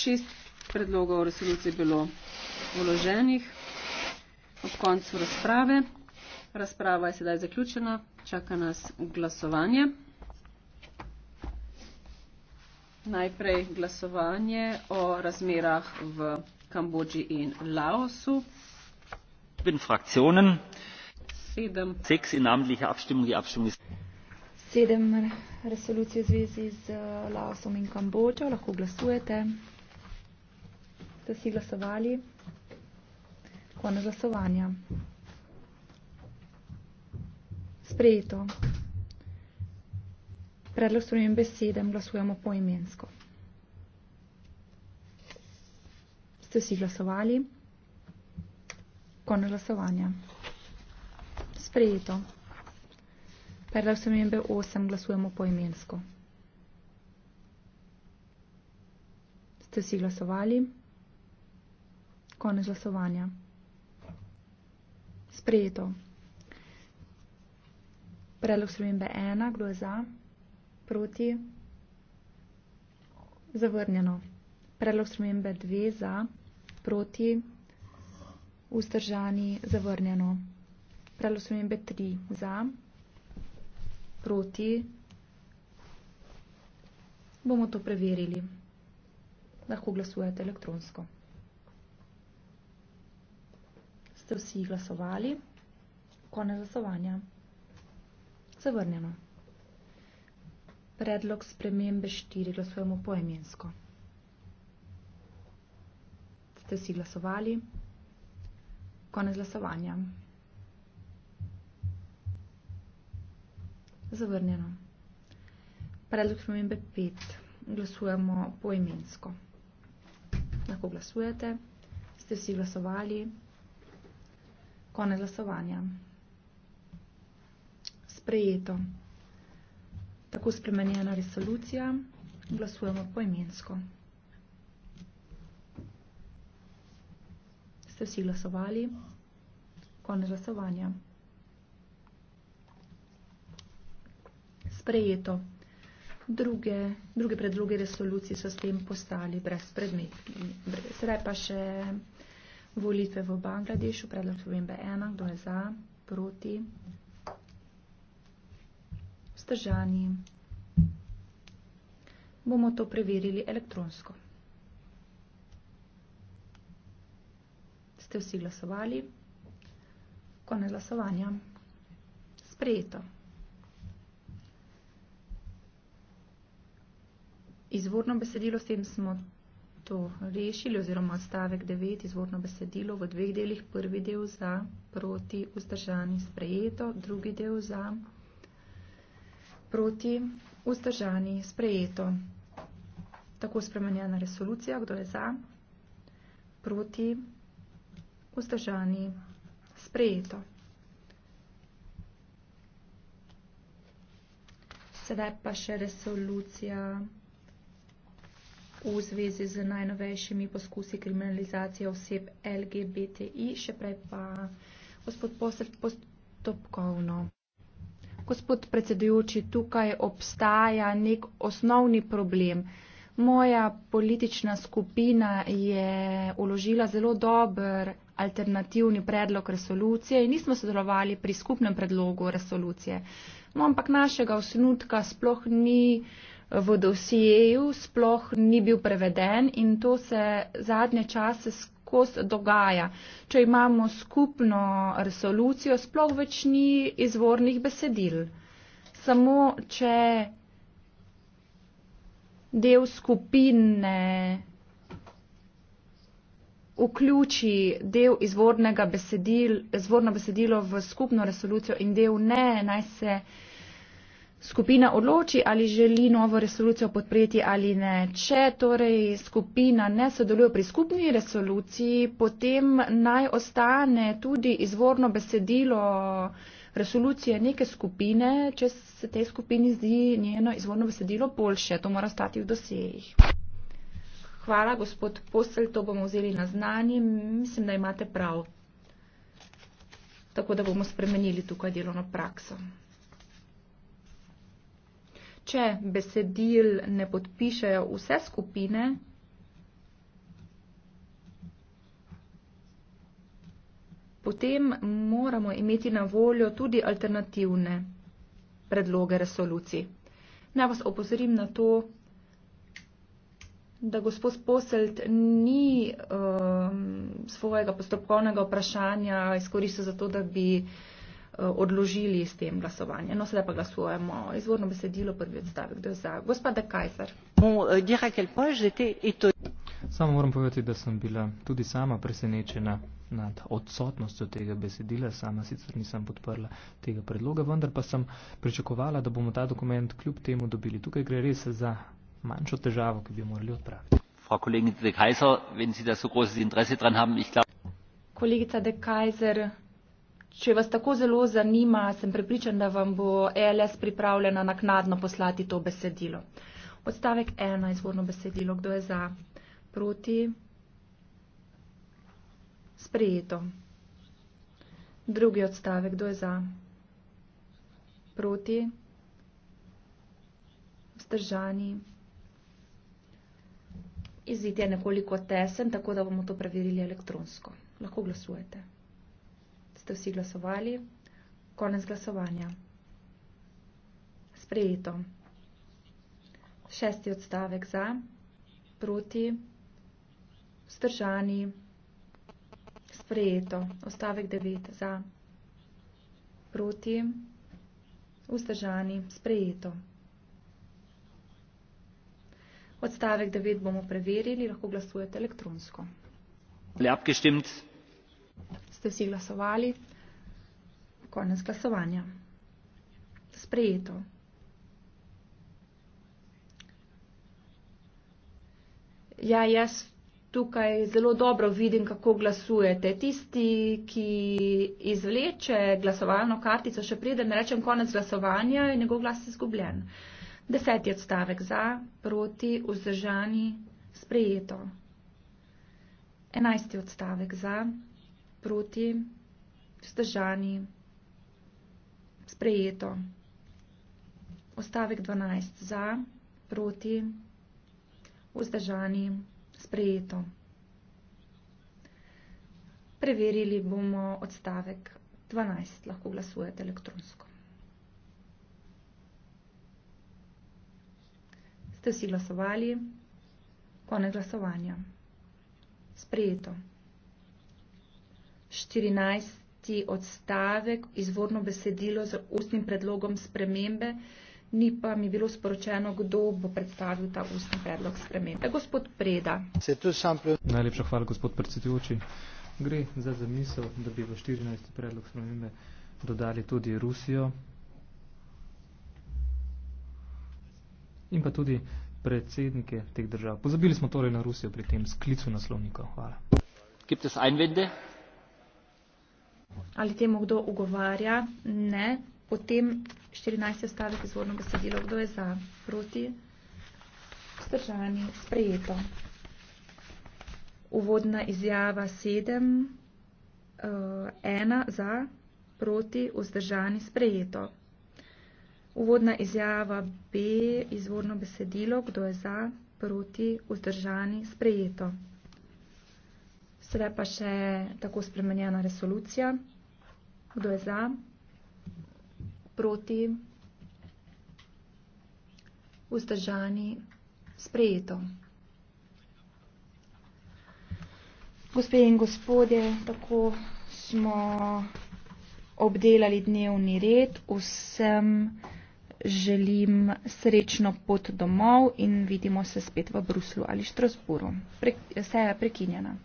šest predlogov resolucije bilo vloženih. Ob koncu razprave. Razprava je sedaj zaključena. Čaka nas glasovanje. Najprej glasovanje o razmerah v Kambodži in Laosu. Sedem. Seks in namenliche abstimmung. abstimmung ist... Sedem resolucij v zvezi z eh, Laosom in Kambodžo. Lahko glasujete ste si glasovali. Konec glasovanja. Sprejeto. Predlog strojem besedem glasujemo poimensko. Ste si glasovali. Konec glasovanja. Sprejeto. Predlog strojem B8 glasujemo poimensko. Ste si glasovali. Sprejeto. Konec glasovanja. Sprejeto. Predlog spremembe ena, kdo je za, proti, zavrnjeno. Predlog spremembe dve za, proti, vzdržani, zavrnjeno. Predlog spremembe tri za, proti, bomo to preverili. Lahko glasujete elektronsko. ste vsi glasovali. Konec glasovanja. Zavrnjeno. Predlog spremembe 4 glasujemo poemensko. Ste vsi glasovali. Konec glasovanja. Zavrnjeno. Predlog spremembe 5 glasujemo poemensko. Lahko glasujete. Ste vsi glasovali. Konec glasovanja. Konec glasovanja. Sprejeto. Tako spremenjena resolucija. Glasujemo poimensko. Ste vsi glasovali? Konec glasovanja. Sprejeto. Druge, druge predloge resolucije so s tem postali brez predmetni. Sedaj pa še Volitve v Bangladešu, predlog spremembe ena, kdo je za, proti, vzdržani. Bomo to preverili elektronsko. Ste vsi glasovali? Konec glasovanja. Sprejeto. Izvorno besedilo s tem smo to rešili oziroma odstavek 9 izvorno besedilo v dveh delih. Prvi del za proti vzdržani sprejeto, drugi del za proti vzdržani sprejeto. Tako spremenjena resolucija, kdo je za, proti vzdržani sprejeto. Sedaj pa še resolucija v zvezi z najnovejšimi poskusi kriminalizacije oseb LGBTI, še prej pa gospod Posred postopkovno. Gospod predsedujoči, tukaj obstaja nek osnovni problem. Moja politična skupina je uložila zelo dober alternativni predlog resolucije in nismo sodelovali pri skupnem predlogu resolucije. No, ampak našega osnutka sploh ni v dosijeju sploh ni bil preveden in to se zadnje čase skozi dogaja. Če imamo skupno resolucijo, sploh več ni izvornih besedil. Samo če del skupine vključi del izvornega besedil, izvorno besedilo v skupno resolucijo in del ne, naj se skupina odloči, ali želi novo resolucijo podpreti ali ne. Če torej skupina ne sodeluje pri skupni resoluciji, potem naj ostane tudi izvorno besedilo resolucije neke skupine, če se tej skupini zdi njeno izvorno besedilo boljše. To mora stati v dosejih. Hvala, gospod Posel, to bomo vzeli na znanje. Mislim, da imate prav. Tako da bomo spremenili tukaj delovno prakso če besedil ne podpišejo vse skupine, potem moramo imeti na voljo tudi alternativne predloge resolucij. Naj vas opozorim na to, da gospod Poselt ni um, svojega postopkovnega vprašanja izkoristil za to, da bi uh, Eh, odložili s tem glasovanjem. No, sedaj pa glasujemo izvorno besedilo, prvi odstavek, kdo je za. Gospoda Kajzer. Eh, Samo moram povedati, da sem bila tudi sama presenečena nad odsotnostjo tega besedila, sama sicer nisem podprla tega predloga, vendar pa sem pričakovala, da bomo ta dokument kljub temu dobili. Tukaj gre res za manjšo težavo, ki bi jo morali odpraviti. Kolegica De Kajzer, če vas tako zelo zanima, sem prepričan, da vam bo ELS pripravljena naknadno poslati to besedilo. Odstavek ena izvorno besedilo. Kdo je za? Proti? Sprejeto. Drugi odstavek. Kdo je za? Proti? Vzdržani? Izid je nekoliko tesen, tako da bomo to preverili elektronsko. Lahko glasujete ste vsi glasovali. Konec glasovanja. Sprejeto. Šesti odstavek za, proti, vzdržani. Sprejeto. Odstavek devet za, proti, vzdržani. Sprejeto. Odstavek devet bomo preverili, lahko glasujete elektronsko. Le abgestimt. Ste vsi glasovali? Konec glasovanja. Sprejeto. Ja, jaz tukaj zelo dobro vidim, kako glasujete. Tisti, ki izvleče glasovalno kartico, še preden rečem konec glasovanja, je njegov glas izgubljen. Deseti odstavek za, proti, vzdržani, sprejeto. Enajsti odstavek za, proti, vzdržani, sprejeto. Ostavek 12. Za, proti, vzdržani, sprejeto. Preverili bomo odstavek 12. Lahko glasujete elektronsko. Ste vsi glasovali? Konec glasovanja. Sprejeto. 14. odstavek, izvorno besedilo z ustnim predlogom spremembe, ni pa mi bilo sporočeno, kdo bo predstavil ta ustni predlog spremembe. Gospod Preda. Najlepša hvala, gospod predsedujoči. Gre za zamisel, da bi v 14. predlog spremembe dodali tudi Rusijo in pa tudi predsednike teh držav. Pozabili smo torej na Rusijo pri tem sklicu naslovnikov. Hvala. Gibt es Einwände? ali temu kdo ugovarja, ne. Potem 14. stavek izvorno besedilo, kdo je za, proti, vzdržani, sprejeto. Uvodna izjava 7, 1 eh, za, proti, vzdržani, sprejeto. Uvodna izjava B, izvorno besedilo, kdo je za, proti, vzdržani, sprejeto. Sedaj pa še tako spremenjena resolucija. Kdo je za? Proti? Vzdržani? Sprejeto. Gospe in gospodje, tako smo obdelali dnevni red. Vsem želim srečno pot domov in vidimo se spet v Bruslu ali Štrasburu. Pre, Seja je prekinjena.